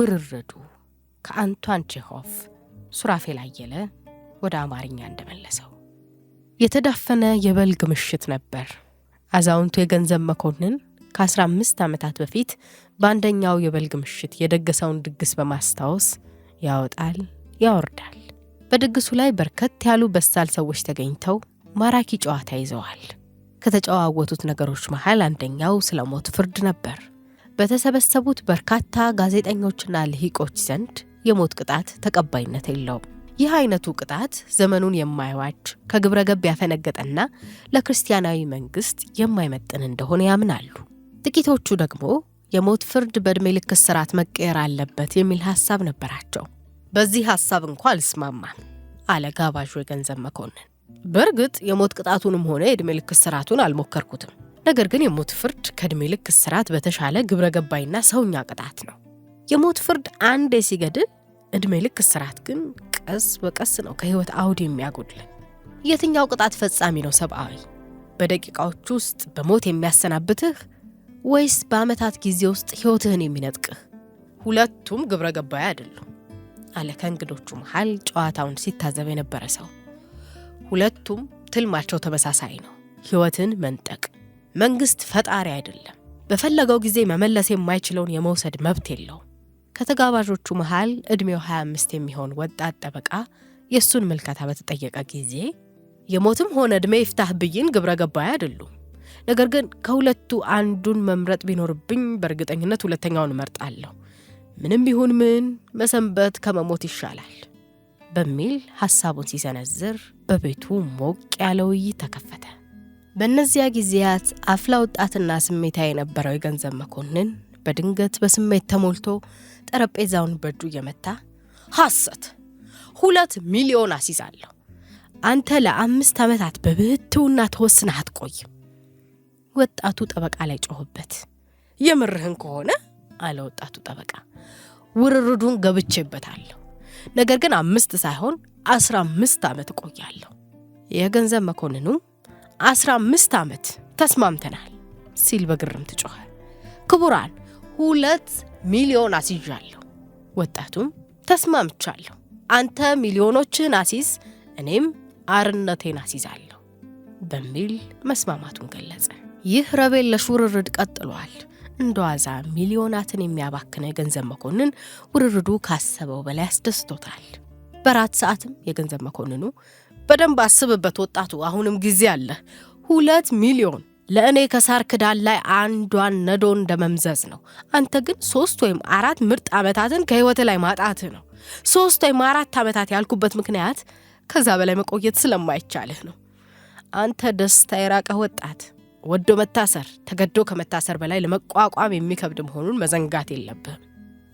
ውርርዱ ከአንቷን ቼሆፍ ሱራፌል አየለ ወደ አማርኛ እንደመለሰው። የተዳፈነ የበልግ ምሽት ነበር። አዛውንቱ የገንዘብ መኮንን ከ15 ዓመታት በፊት በአንደኛው የበልግ ምሽት የደገሰውን ድግስ በማስታወስ ያወጣል፣ ያወርዳል። በድግሱ ላይ በርከት ያሉ በሳል ሰዎች ተገኝተው ማራኪ ጨዋታ ይዘዋል። ከተጨዋወቱት ነገሮች መሃል አንደኛው ስለ ሞት ፍርድ ነበር። በተሰበሰቡት በርካታ ጋዜጠኞችና ልሂቆች ዘንድ የሞት ቅጣት ተቀባይነት የለውም። ይህ አይነቱ ቅጣት ዘመኑን የማይዋጅ ከግብረ ገብ ያፈነገጠና ለክርስቲያናዊ መንግስት የማይመጥን እንደሆነ ያምናሉ። ጥቂቶቹ ደግሞ የሞት ፍርድ በዕድሜ ልክ እስራት መቀየር አለበት የሚል ሐሳብ ነበራቸው። በዚህ ሐሳብ እንኳ አልስማማም አለ ጋባዡ የገንዘብ መኮንን። በእርግጥ የሞት ቅጣቱንም ሆነ የዕድሜ ልክ እስራቱን አልሞከርኩትም ነገር ግን የሞት ፍርድ ከእድሜ ልክ እስራት በተሻለ ግብረ ገባይና ሰውኛ ቅጣት ነው። የሞት ፍርድ አንዴ ሲገድል፣ እድሜ ልክ እስራት ግን ቀስ በቀስ ነው ከህይወት አውድ የሚያጎድለን። የትኛው ቅጣት ፈጻሚ ነው ሰብአዊ? በደቂቃዎች ውስጥ በሞት የሚያሰናብትህ ወይስ በዓመታት ጊዜ ውስጥ ህይወትህን የሚነጥቅህ? ሁለቱም ግብረ ገባይ አይደሉም አለ ከእንግዶቹ መሃል ጨዋታውን ሲታዘብ የነበረ ሰው። ሁለቱም ትልማቸው ተመሳሳይ ነው፣ ህይወትን መንጠቅ። መንግስት ፈጣሪ አይደለም። በፈለገው ጊዜ መመለስ የማይችለውን የመውሰድ መብት የለውም። ከተጋባዦቹ መሃል ዕድሜው 25 የሚሆን ወጣት ጠበቃ የእሱን ምልከታ በተጠየቀ ጊዜ የሞትም ሆነ ዕድሜ ይፍታህ ብይን ግብረ ገባይ አይደሉም። ነገር ግን ከሁለቱ አንዱን መምረጥ ቢኖርብኝ በእርግጠኝነት ሁለተኛውን እመርጣለሁ። ምንም ቢሆን ምን መሰንበት ከመሞት ይሻላል በሚል ሐሳቡን ሲሰነዝር በቤቱ ሞቅ ያለ ውይይት ተከፈተ። በእነዚያ ጊዜያት አፍላ ወጣትና ስሜታ የነበረው የገንዘብ መኮንን በድንገት በስሜት ተሞልቶ ጠረጴዛውን በእጁ እየመታ ሐሰት! ሁለት ሚሊዮን አስይዛለሁ። አንተ ለአምስት ዓመታት በብህትውና ተወስነህ አትቆይም። ወጣቱ ጠበቃ ላይ ጮኸበት። የምርህን ከሆነ አለ ወጣቱ ጠበቃ፣ ውርርዱን ገብቼበታለሁ። ነገር ግን አምስት ሳይሆን አስራ አምስት ዓመት እቆያለሁ። የገንዘብ መኮንኑም አስራ አምስት ዓመት ተስማምተናል ሲል በግርምት ጮኸ። ክቡራን ሁለት ሚሊዮን አስይዣለሁ። ወጣቱም ተስማምቻለሁ፣ አንተ ሚሊዮኖችን አሲዝ፣ እኔም አርነቴን አሲዛለሁ በሚል መስማማቱን ገለጸ። ይህ ረቤል ለሹርርድ ቀጥሏል። እንደ ዋዛ ሚሊዮናትን የሚያባክነ የገንዘብ መኮንን ውርርዱ ካሰበው በላይ አስደስቶታል። በራት ሰዓትም የገንዘብ መኮንኑ በደንብ አስብበት ወጣቱ፣ አሁንም ጊዜ አለ። ሁለት ሚሊዮን ለእኔ ከሳር ክዳን ላይ አንዷን ነዶ እንደመምዘዝ ነው። አንተ ግን ሶስት ወይም አራት ምርጥ ዓመታትን ከህይወት ላይ ማጣት ነው። ሶስት ወይም አራት ዓመታት ያልኩበት ምክንያት ከዛ በላይ መቆየት ስለማይቻልህ ነው። አንተ ደስታ የራቀ ወጣት፣ ወዶ መታሰር ተገዶ ከመታሰር በላይ ለመቋቋም የሚከብድ መሆኑን መዘንጋት የለብህም።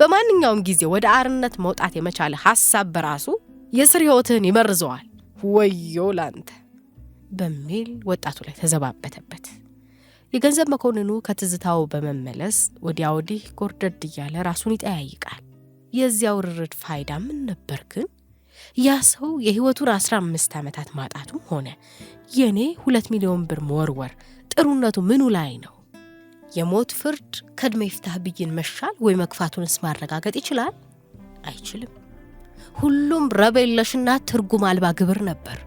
በማንኛውም ጊዜ ወደ አርነት መውጣት የመቻለ ሀሳብ በራሱ የስር ሕይወትህን ይመርዘዋል። ወዮ ላንተ በሚል ወጣቱ ላይ ተዘባበተበት። የገንዘብ መኮንኑ ከትዝታው በመመለስ ወዲያ ወዲህ ጎርደድ እያለ ራሱን ይጠያይቃል። የዚያ ውርርድ ፋይዳ ምን ነበር ግን? ያ ሰው የህይወቱን 15 ዓመታት ማጣቱም ሆነ የእኔ ሁለት ሚሊዮን ብር መወርወር ጥሩነቱ ምኑ ላይ ነው? የሞት ፍርድ ከዕድሜ ይፍታህ ብይን መሻል ወይ መግፋቱንስ ማረጋገጥ ይችላል? አይችልም። ሁሉም ረብ ትርጉም አልባ ግብር ነበር።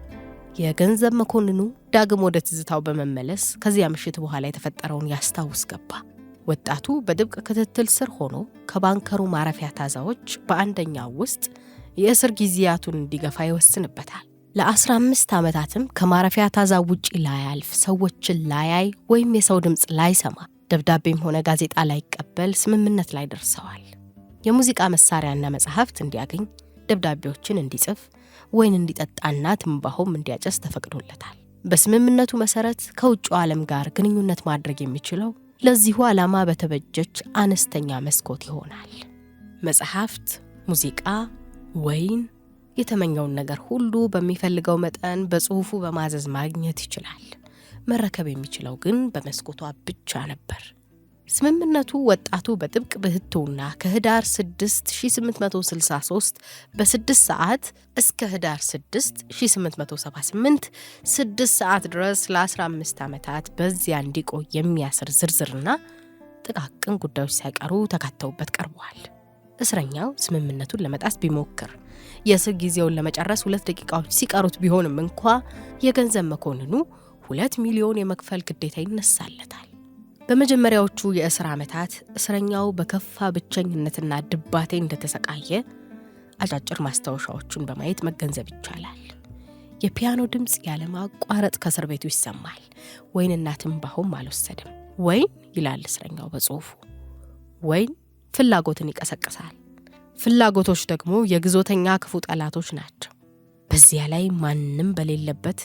የገንዘብ መኮንኑ ዳግም ወደ ትዝታው በመመለስ ከዚያ ምሽት በኋላ የተፈጠረውን ያስታውስ ገባ። ወጣቱ በድብቅ ክትትል ስር ሆኖ ከባንከሩ ማረፊያ ታዛዎች በአንደኛው ውስጥ የእስር ጊዜያቱን እንዲገፋ ይወስንበታል። ለ15 ዓመታትም ከማረፊያ ታዛ ውጪ ላያልፍ፣ ሰዎችን ላያይ ወይም የሰው ድምፅ ላይሰማ፣ ደብዳቤም ሆነ ጋዜጣ ላይቀበል ስምምነት ላይ ደርሰዋል። የሙዚቃ መሳሪያና መጽሐፍት እንዲያገኝ ደብዳቤዎችን እንዲጽፍ ወይን እንዲጠጣና ትንባሆም እንዲያጨስ ተፈቅዶለታል። በስምምነቱ መሰረት ከውጭ ዓለም ጋር ግንኙነት ማድረግ የሚችለው ለዚሁ ዓላማ በተበጀች አነስተኛ መስኮት ይሆናል። መጽሐፍት፣ ሙዚቃ፣ ወይን የተመኘውን ነገር ሁሉ በሚፈልገው መጠን በጽሑፉ በማዘዝ ማግኘት ይችላል። መረከብ የሚችለው ግን በመስኮቷ ብቻ ነበር። ስምምነቱ ወጣቱ በጥብቅ ብህትውና ከህዳር 6 1863 በ6 ሰዓት እስከ ህዳር 6 1878 6 ሰዓት ድረስ ለ15 ዓመታት በዚያ እንዲቆይ የሚያስር ዝርዝርና ጥቃቅን ጉዳዮች ሳይቀሩ ተካተውበት ቀርበዋል። እስረኛው ስምምነቱን ለመጣስ ቢሞክር የእስር ጊዜውን ለመጨረስ ሁለት ደቂቃዎች ሲቀሩት ቢሆንም እንኳ የገንዘብ መኮንኑ ሁለት ሚሊዮን የመክፈል ግዴታ ይነሳለታል። በመጀመሪያዎቹ የእስር ዓመታት እስረኛው በከፋ ብቸኝነትና ድባቴ እንደተሰቃየ አጫጭር ማስታወሻዎቹን በማየት መገንዘብ ይቻላል። የፒያኖ ድምፅ ያለማቋረጥ ከእስር ቤቱ ይሰማል። ወይንና ትንባሆም አልወሰድም። ወይን ይላል እስረኛው በጽሁፉ ወይን ፍላጎትን ይቀሰቅሳል። ፍላጎቶች ደግሞ የግዞተኛ ክፉ ጠላቶች ናቸው። በዚያ ላይ ማንም በሌለበት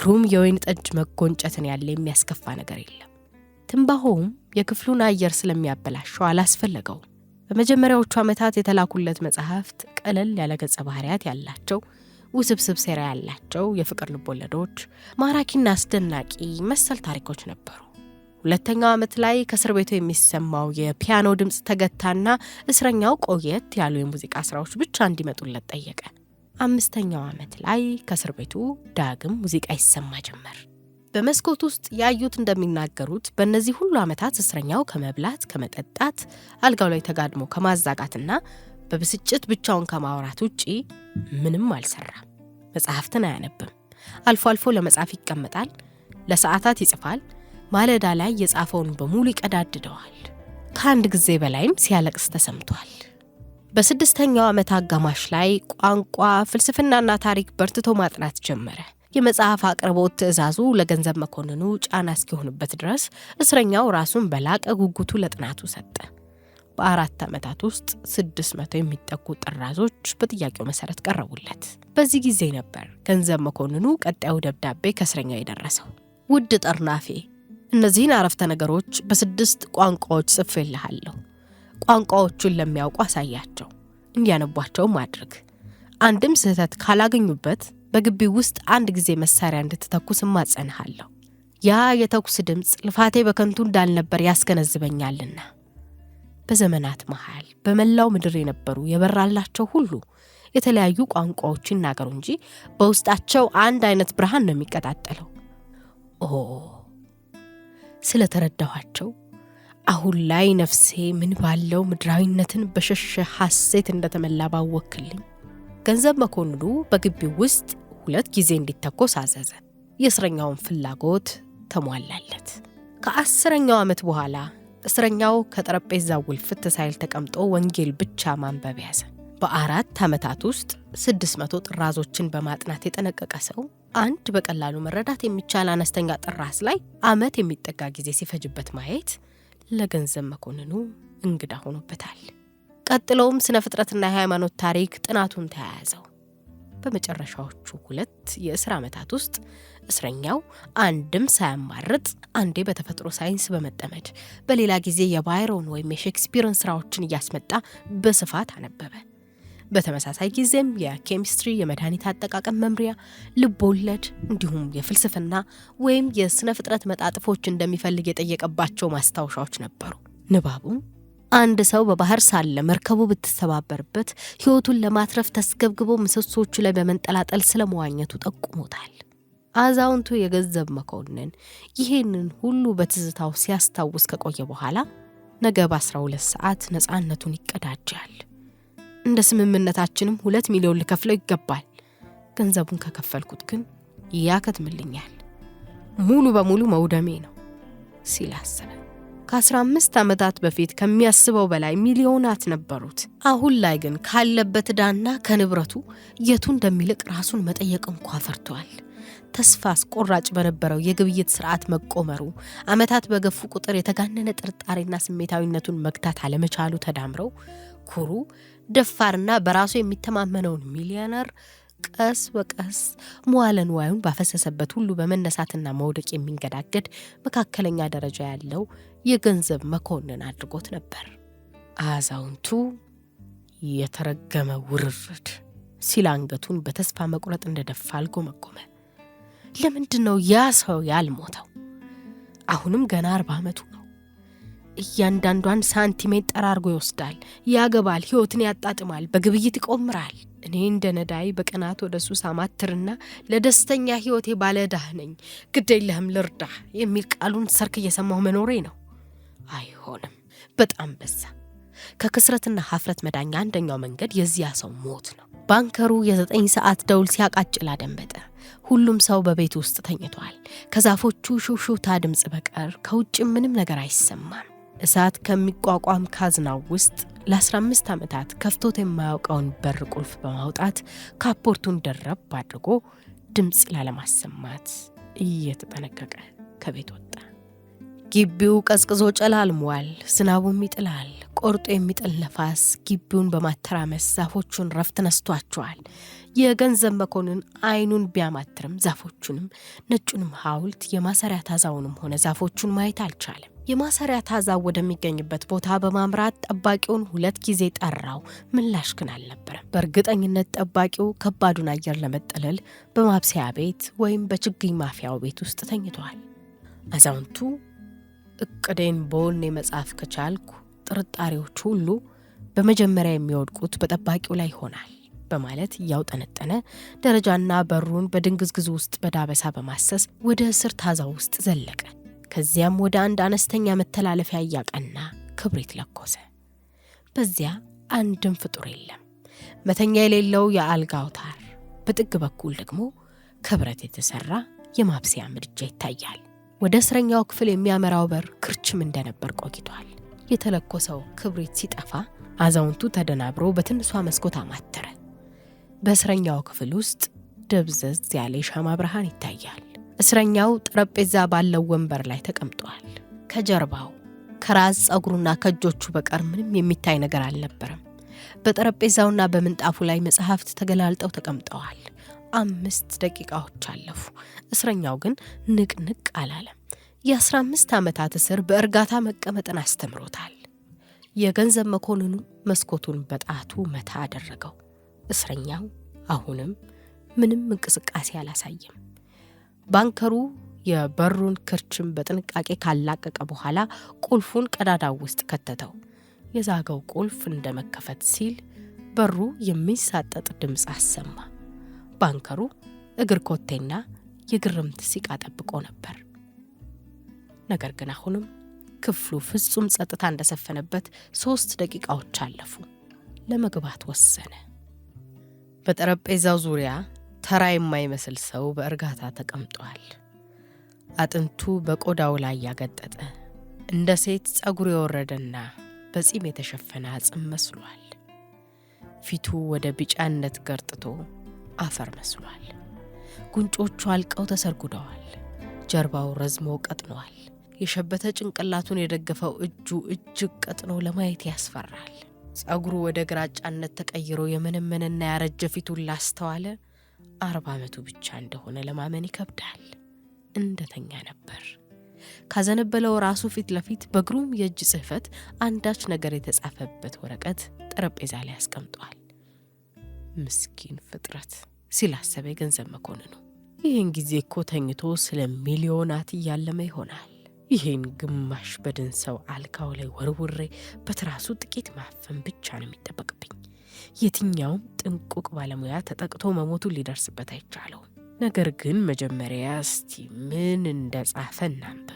ግሩም የወይን ጠጅ መጎንጨትን ያለ የሚያስከፋ ነገር የለም። ትንባሆውም የክፍሉን አየር ስለሚያበላሸው አላስፈለገውም። በመጀመሪያዎቹ ዓመታት የተላኩለት መጽሐፍት ቀለል ያለ ገጸ ባህሪያት ያላቸው፣ ውስብስብ ሴራ ያላቸው የፍቅር ልቦለዶች፣ ማራኪና አስደናቂ መሰል ታሪኮች ነበሩ። ሁለተኛው ዓመት ላይ ከእስር ቤቱ የሚሰማው የፒያኖ ድምፅ ተገታና እስረኛው ቆየት ያሉ የሙዚቃ ስራዎች ብቻ እንዲመጡለት ጠየቀ። አምስተኛው ዓመት ላይ ከእስር ቤቱ ዳግም ሙዚቃ ይሰማ ጀመር። በመስኮት ውስጥ ያዩት እንደሚናገሩት በእነዚህ ሁሉ ዓመታት እስረኛው ከመብላት ከመጠጣት፣ አልጋው ላይ ተጋድሞ ከማዛጋትና በብስጭት ብቻውን ከማውራት ውጪ ምንም አልሰራም። መጽሐፍትን አያነብም። አልፎ አልፎ ለመጻፍ ይቀመጣል። ለሰዓታት ይጽፋል። ማለዳ ላይ የጻፈውን በሙሉ ይቀዳድደዋል። ከአንድ ጊዜ በላይም ሲያለቅስ ተሰምቷል። በስድስተኛው ዓመት አጋማሽ ላይ ቋንቋ፣ ፍልስፍናና ታሪክ በርትቶ ማጥናት ጀመረ። የመጽሐፍ አቅርቦት ትዕዛዙ ለገንዘብ መኮንኑ ጫና እስኪሆንበት ድረስ እስረኛው ራሱን በላቀ ጉጉቱ ለጥናቱ ሰጠ። በአራት ዓመታት ውስጥ 600 የሚጠጉ ጥራዞች በጥያቄው መሰረት ቀረቡለት። በዚህ ጊዜ ነበር ገንዘብ መኮንኑ ቀጣዩ ደብዳቤ ከእስረኛው የደረሰው። ውድ ጠርናፌ፣ እነዚህን አረፍተ ነገሮች በስድስት ቋንቋዎች ጽፌልሃለሁ። ቋንቋዎቹን ለሚያውቁ አሳያቸው፣ እንዲያነቧቸውም አድርግ። አንድም ስህተት ካላገኙበት በግቢው ውስጥ አንድ ጊዜ መሳሪያ እንድትተኩስ እማጸንሃለሁ። ያ የተኩስ ድምፅ ልፋቴ በከንቱ እንዳልነበር ያስገነዝበኛልና። በዘመናት መሃል በመላው ምድር የነበሩ የበራላቸው ሁሉ የተለያዩ ቋንቋዎች ይናገሩ እንጂ በውስጣቸው አንድ አይነት ብርሃን ነው የሚቀጣጠለው። ኦ ስለተረዳኋቸው አሁን ላይ ነፍሴ ምን ባለው ምድራዊነትን በሸሸ ሐሴት እንደተመላ ባወክልኝ። ገንዘብ መኮንኑ በግቢው ውስጥ ሁለት ጊዜ እንዲተኮስ አዘዘ። የእስረኛውን ፍላጎት ተሟላለት። ከአስረኛው ዓመት በኋላ እስረኛው ከጠረጴዛ ውልፍት ሳይል ተቀምጦ ወንጌል ብቻ ማንበብ ያዘ። በአራት ዓመታት ውስጥ 600 ጥራዞችን በማጥናት የጠነቀቀ ሰው አንድ በቀላሉ መረዳት የሚቻል አነስተኛ ጥራስ ላይ ዓመት የሚጠጋ ጊዜ ሲፈጅበት ማየት ለገንዘብ መኮንኑ እንግዳ ሆኖበታል። ቀጥለውም ስነ ፍጥረትና የሃይማኖት ታሪክ ጥናቱን ተያያዘው። በመጨረሻዎቹ ሁለት የእስር ዓመታት ውስጥ እስረኛው አንድም ሳያማርጥ አንዴ በተፈጥሮ ሳይንስ በመጠመድ በሌላ ጊዜ የባይሮን ወይም የሼክስፒርን ስራዎችን እያስመጣ በስፋት አነበበ። በተመሳሳይ ጊዜም የኬሚስትሪ፣ የመድኃኒት አጠቃቀም መምሪያ፣ ልቦለድ እንዲሁም የፍልስፍና ወይም የስነ ፍጥረት መጣጥፎች እንደሚፈልግ የጠየቀባቸው ማስታወሻዎች ነበሩ። ንባቡ አንድ ሰው በባህር ሳለ መርከቡ ብትሰባበርበት ህይወቱን ለማትረፍ ተስገብግቦ ምሰሶቹ ላይ በመንጠላጠል ስለ መዋኘቱ ጠቁሞታል። አዛውንቱ የገንዘብ መኮንን ይሄንን ሁሉ በትዝታው ሲያስታውስ ከቆየ በኋላ ነገ በ12 ሰዓት ነፃነቱን ይቀዳጃል። እንደ ስምምነታችንም ሁለት ሚሊዮን ልከፍለው ይገባል። ገንዘቡን ከከፈልኩት ግን ያከትምልኛል፣ ሙሉ በሙሉ መውደሜ ነው ሲል አሰበ። ከ15 ዓመታት በፊት ከሚያስበው በላይ ሚሊዮናት ነበሩት። አሁን ላይ ግን ካለበት ዕዳና ከንብረቱ የቱ እንደሚልቅ ራሱን መጠየቅ እንኳ ፈርቷል። ተስፋ አስቆራጭ በነበረው የግብይት ስርዓት መቆመሩ፣ ዓመታት በገፉ ቁጥር የተጋነነ ጥርጣሬና ስሜታዊነቱን መግታት አለመቻሉ ተዳምረው ኩሩ ደፋርና በራሱ የሚተማመነውን ሚሊዮነር ቀስ በቀስ መዋለ ንዋዩን ባፈሰሰበት ሁሉ በመነሳትና መውደቅ የሚንገዳገድ መካከለኛ ደረጃ ያለው የገንዘብ መኮንን አድርጎት ነበር። አዛውንቱ የተረገመ ውርርድ ሲል አንገቱን በተስፋ መቁረጥ እንደደፋ አልጎመጎመ። ለምንድን ነው ያ ሰው ያልሞተው? አሁንም ገና አርባ ዓመቱ ነው። እያንዳንዷን ሳንቲሜት ጠራርጎ ይወስዳል፣ ያገባል፣ ሕይወትን ያጣጥማል፣ በግብይት ይቆምራል። እኔ እንደ ነዳይ በቀናት ወደ ሱስ አማትርና ለደስተኛ ሕይወቴ ባለ ዕዳህ ነኝ፣ ግድ ልርዳህ የሚል ቃሉን ሰርክ እየሰማሁ መኖሬ ነው። አይሆንም፣ በጣም በዛ። ከክስረትና ሀፍረት መዳኛ አንደኛው መንገድ የዚያ ሰው ሞት ነው። ባንከሩ የዘጠኝ ሰዓት ደውል ሲያቃጭል አደንበጠ። ሁሉም ሰው በቤት ውስጥ ተኝቷል። ከዛፎቹ ሹሹታ ድምፅ በቀር ከውጭ ምንም ነገር አይሰማም። እሳት ከሚቋቋም ካዝናው ውስጥ ለ15 ዓመታት ከፍቶት የማያውቀውን በር ቁልፍ በማውጣት ካፖርቱን ደረብ አድርጎ ድምፅ ላለማሰማት እየተጠነቀቀ ከቤት ወጣ። ግቢው ቀዝቅዞ ጨላልሟል። ዝናቡም ይጥላል። ቆርጦ የሚጥል ነፋስ ግቢውን በማተራመስ ዛፎቹን ረፍት ነስቷቸዋል። የገንዘብ መኮንን አይኑን ቢያማትርም ዛፎቹንም ነጩንም ሐውልት የማሰሪያ ታዛውንም ሆነ ዛፎቹን ማየት አልቻለም። የማሰሪያ ታዛው ወደሚገኝበት ቦታ በማምራት ጠባቂውን ሁለት ጊዜ ጠራው። ምላሽ ግን አልነበረም። በእርግጠኝነት ጠባቂው ከባዱን አየር ለመጠለል በማብሰያ ቤት ወይም በችግኝ ማፍያው ቤት ውስጥ ተኝተዋል። አዛውንቱ እቅዴን በወኔ መጻፍ ከቻልኩ ጥርጣሬዎች ሁሉ በመጀመሪያ የሚወድቁት በጠባቂው ላይ ይሆናል በማለት እያውጠነጠነ ደረጃና በሩን በድንግዝግዝ ውስጥ በዳበሳ በማሰስ ወደ እስር ታዛ ውስጥ ዘለቀ። ከዚያም ወደ አንድ አነስተኛ መተላለፊያ እያቀና ክብሪት ለኮሰ። በዚያ አንድም ፍጡር የለም። መተኛ የሌለው የአልጋ አውታር፣ በጥግ በኩል ደግሞ ከብረት የተሰራ የማብሰያ ምድጃ ይታያል። ወደ እስረኛው ክፍል የሚያመራው በር ክርችም እንደነበር ቆይቷል። የተለኮሰው ክብሪት ሲጠፋ አዛውንቱ ተደናብሮ በትንሷ መስኮት አማተረ። በእስረኛው ክፍል ውስጥ ደብዘዝ ያለ የሻማ ብርሃን ይታያል። እስረኛው ጠረጴዛ ባለው ወንበር ላይ ተቀምጧል። ከጀርባው ከራስ ጸጉሩና ከእጆቹ በቀር ምንም የሚታይ ነገር አልነበረም። በጠረጴዛውና በምንጣፉ ላይ መጽሐፍት ተገላልጠው ተቀምጠዋል። አምስት ደቂቃዎች አለፉ። እስረኛው ግን ንቅንቅ አላለም። የአስራ አምስት ዓመታት እስር በእርጋታ መቀመጥን አስተምሮታል። የገንዘብ መኮንኑ መስኮቱን በጣቱ መታ አደረገው። እስረኛው አሁንም ምንም እንቅስቃሴ አላሳየም። ባንከሩ የበሩን ክርችም በጥንቃቄ ካላቀቀ በኋላ ቁልፉን ቀዳዳው ውስጥ ከተተው። የዛገው ቁልፍ እንደመከፈት ሲል በሩ የሚሳጠጥ ድምፅ አሰማ። ባንከሩ እግር ኮቴና የግርምት ሲቃ ጠብቆ ነበር። ነገር ግን አሁንም ክፍሉ ፍጹም ጸጥታ እንደሰፈነበት ሦስት ደቂቃዎች አለፉ። ለመግባት ወሰነ። በጠረጴዛው ዙሪያ ተራ የማይመስል ሰው በእርጋታ ተቀምጧል። አጥንቱ በቆዳው ላይ ያገጠጠ እንደ ሴት ጸጉር የወረደና በጺም የተሸፈነ አጽም መስሏል። ፊቱ ወደ ቢጫነት ገርጥቶ አፈር መስሏል። ጉንጮቹ አልቀው ተሰርጉደዋል። ጀርባው ረዝሞ ቀጥኗል። የሸበተ ጭንቅላቱን የደገፈው እጁ እጅግ ቀጥኖ ለማየት ያስፈራል። ጸጉሩ ወደ ግራጫነት ተቀይሮ የመነመነና ያረጀ ፊቱን ላስተዋለ አርባ ዓመቱ ብቻ እንደሆነ ለማመን ይከብዳል። እንደተኛ ነበር። ካዘነበለው ራሱ ፊት ለፊት በግሩም የእጅ ጽሕፈት አንዳች ነገር የተጻፈበት ወረቀት ጠረጴዛ ላይ አስቀምጧል። ምስኪን ፍጥረት ሲላሰበ የገንዘብ መኮንኑ ይህን ጊዜ እኮ ተኝቶ ስለ ሚሊዮናት እያለመ ይሆናል። ይህን ግማሽ በድን ሰው አልጋው ላይ ወርውሬ በትራሱ ጥቂት ማፈን ብቻ ነው የሚጠበቅብኝ። የትኛውም ጥንቁቅ ባለሙያ ተጠቅቶ መሞቱን ሊደርስበት አይቻለውም። ነገር ግን መጀመሪያ እስቲ ምን ጻፈ እናንብ።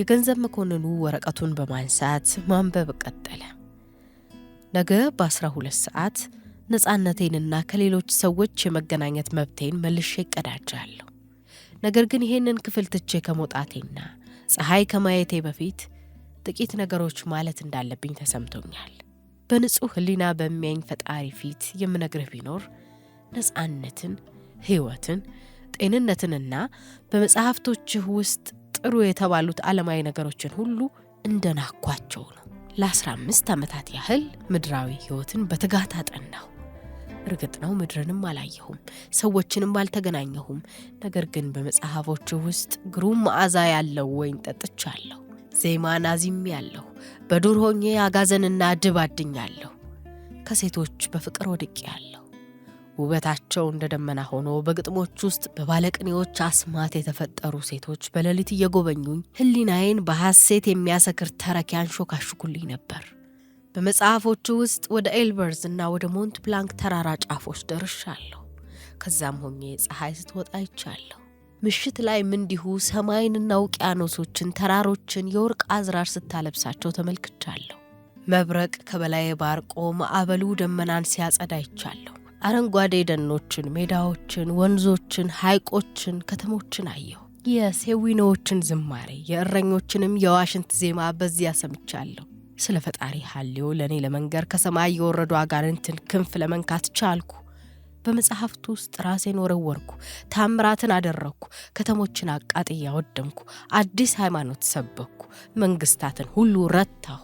የገንዘብ መኮንኑ ወረቀቱን በማንሳት ማንበብ ቀጠለ። ነገ በ12 ሰዓት ነፃነቴንና ከሌሎች ሰዎች የመገናኘት መብቴን መልሼ እቀዳጃለሁ። ነገር ግን ይህንን ክፍል ትቼ ከመውጣቴና ፀሐይ ከማየቴ በፊት ጥቂት ነገሮች ማለት እንዳለብኝ ተሰምቶኛል። በንጹሕ ሕሊና በሚያኝ ፈጣሪ ፊት የምነግርህ ቢኖር ነፃነትን፣ ሕይወትን፣ ጤንነትንና በመጽሐፍቶችህ ውስጥ ጥሩ የተባሉት ዓለማዊ ነገሮችን ሁሉ እንደናኳቸው ነው። ለ15 ዓመታት ያህል ምድራዊ ሕይወትን በትጋት አጠናሁ። እርግጥ ነው ምድርንም አላየሁም፣ ሰዎችንም አልተገናኘሁም። ነገር ግን በመጽሐፎቹ ውስጥ ግሩም መዓዛ ያለው ወይን ጠጥቻለሁ፣ ዜማን አዝሜያለሁ፣ በዱር ሆኜ አጋዘንና ድብ አድኛለሁ፣ ከሴቶች በፍቅር ወድቄያለሁ። ውበታቸው እንደ ደመና ሆኖ በግጥሞች ውስጥ በባለቅኔዎች አስማት የተፈጠሩ ሴቶች በሌሊት እየጎበኙኝ ሕሊናዬን በሐሴት የሚያሰክር ተረኪያን ሾካሽኩልኝ ነበር። በመጽሐፎቹ ውስጥ ወደ ኤልበርዝ እና ወደ ሞንት ብላንክ ተራራ ጫፎች ደርሻለሁ። ከዛም ሆኜ ፀሐይ ስትወጣ ይቻለሁ። ምሽት ላይም እንዲሁ ሰማይንና ውቅያኖሶችን፣ ተራሮችን የወርቅ አዝራር ስታለብሳቸው ተመልክቻለሁ። መብረቅ ከበላይ ባርቆ ማዕበሉ ደመናን ሲያጸዳ ይቻለሁ። አረንጓዴ ደኖችን፣ ሜዳዎችን፣ ወንዞችን፣ ሐይቆችን፣ ከተሞችን አየሁ። የሴዊኖዎችን ዝማሬ የእረኞችንም የዋሽንት ዜማ በዚያ ሰምቻለሁ። ስለ ፈጣሪ ሐሌው ለእኔ ለመንገር ከሰማይ የወረዱ አጋንንትን ክንፍ ለመንካት ቻልኩ። በመጽሐፍቱ ውስጥ ራሴን ወረወርኩ። ታምራትን አደረግኩ። ከተሞችን አቃጥያ ወደምኩ። አዲስ ሃይማኖት ሰበኩ። መንግስታትን ሁሉ ረታሁ።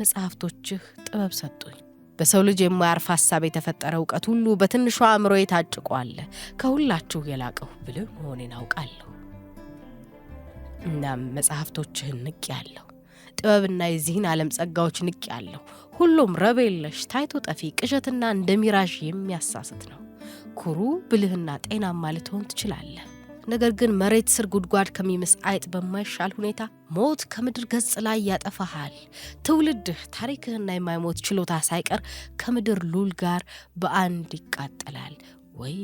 መጽሐፍቶችህ ጥበብ ሰጡኝ። በሰው ልጅ የማያርፍ ሀሳብ የተፈጠረ እውቀት ሁሉ በትንሿ አእምሮ የታጭቋለ። ከሁላችሁ የላቀሁ ብልህ መሆኔን አውቃለሁ። እናም መጽሐፍቶችህን ያለሁ ጥበብና የዚህን ዓለም ጸጋዎች ንቅ ያለው ሁሉም ረብ የለሽ ታይቶ ጠፊ ቅዠትና እንደ ሚራዥ የሚያሳስት ነው። ኩሩ ብልህና ጤናማ ልትሆን ትችላለህ። ነገር ግን መሬት ስር ጉድጓድ ከሚምስ አይጥ በማይሻል ሁኔታ ሞት ከምድር ገጽ ላይ ያጠፋሃል። ትውልድህ ታሪክህና የማይሞት ችሎታ ሳይቀር ከምድር ሉል ጋር በአንድ ይቃጠላል ወይ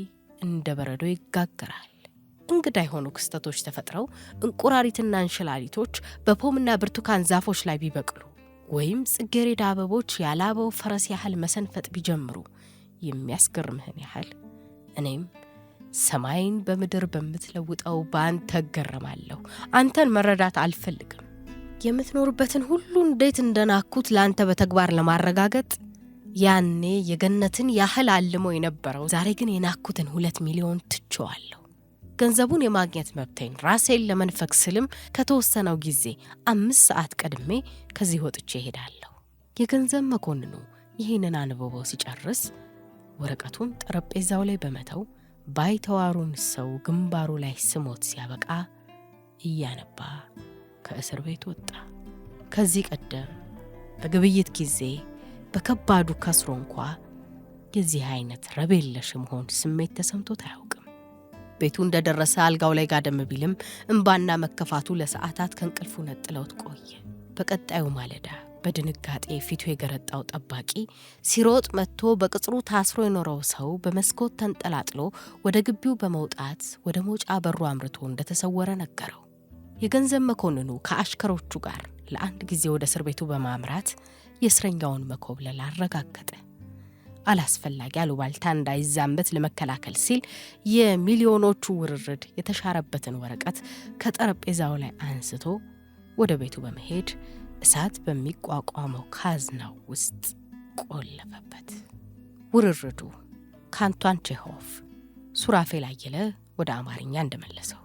እንደ በረዶ ይጋገራል። እንግዳ የሆኑ ክስተቶች ተፈጥረው እንቁራሪትና እንሽላሊቶች በፖምና ብርቱካን ዛፎች ላይ ቢበቅሉ ወይም ጽጌሬዳ አበቦች ያላበው ፈረስ ያህል መሰንፈጥ ቢጀምሩ የሚያስገርምህን ያህል እኔም ሰማይን በምድር በምትለውጠው በአንተ እገረማለሁ። አንተን መረዳት አልፈልግም። የምትኖርበትን ሁሉ እንዴት እንደናኩት ለአንተ በተግባር ለማረጋገጥ ያኔ የገነትን ያህል አልሞ የነበረው ዛሬ ግን የናኩትን ሁለት ሚሊዮን ትቼዋለሁ። ገንዘቡን የማግኘት መብቴን ራሴን ለመንፈግ ስልም ከተወሰነው ጊዜ አምስት ሰዓት ቀድሜ ከዚህ ወጥቼ እሄዳለሁ። የገንዘብ መኮንኑ ይህንን አንብቦ ሲጨርስ ወረቀቱን ጠረጴዛው ላይ በመተው ባይተዋሩን ሰው ግንባሩ ላይ ስሞት ሲያበቃ እያነባ ከእስር ቤት ወጣ። ከዚህ ቀደም በግብይት ጊዜ በከባዱ ከስሮ እንኳ የዚህ አይነት ረቤለሽ መሆን ስሜት ተሰምቶት አያውቅም። ቤቱ እንደደረሰ አልጋው ላይ ጋደም ቢልም እምባና መከፋቱ ለሰዓታት ከእንቅልፉ ነጥለውት ቆየ። በቀጣዩ ማለዳ በድንጋጤ ፊቱ የገረጣው ጠባቂ ሲሮጥ መጥቶ በቅጽሩ ታስሮ የኖረው ሰው በመስኮት ተንጠላጥሎ ወደ ግቢው በመውጣት ወደ መውጫ በሩ አምርቶ እንደተሰወረ ነገረው። የገንዘብ መኮንኑ ከአሽከሮቹ ጋር ለአንድ ጊዜ ወደ እስር ቤቱ በማምራት የእስረኛውን መኮብለል አረጋገጠ። አላስፈላጊ አሉባልታ እንዳይዛመት ለመከላከል ሲል የሚሊዮኖቹ ውርርድ የተሻረበትን ወረቀት ከጠረጴዛው ላይ አንስቶ ወደ ቤቱ በመሄድ እሳት በሚቋቋመው ካዝናው ውስጥ ቆለፈበት። ውርርዱ ከአንቷን ቼሆፍ ሱራፌል አየለ ወደ አማርኛ እንደመለሰው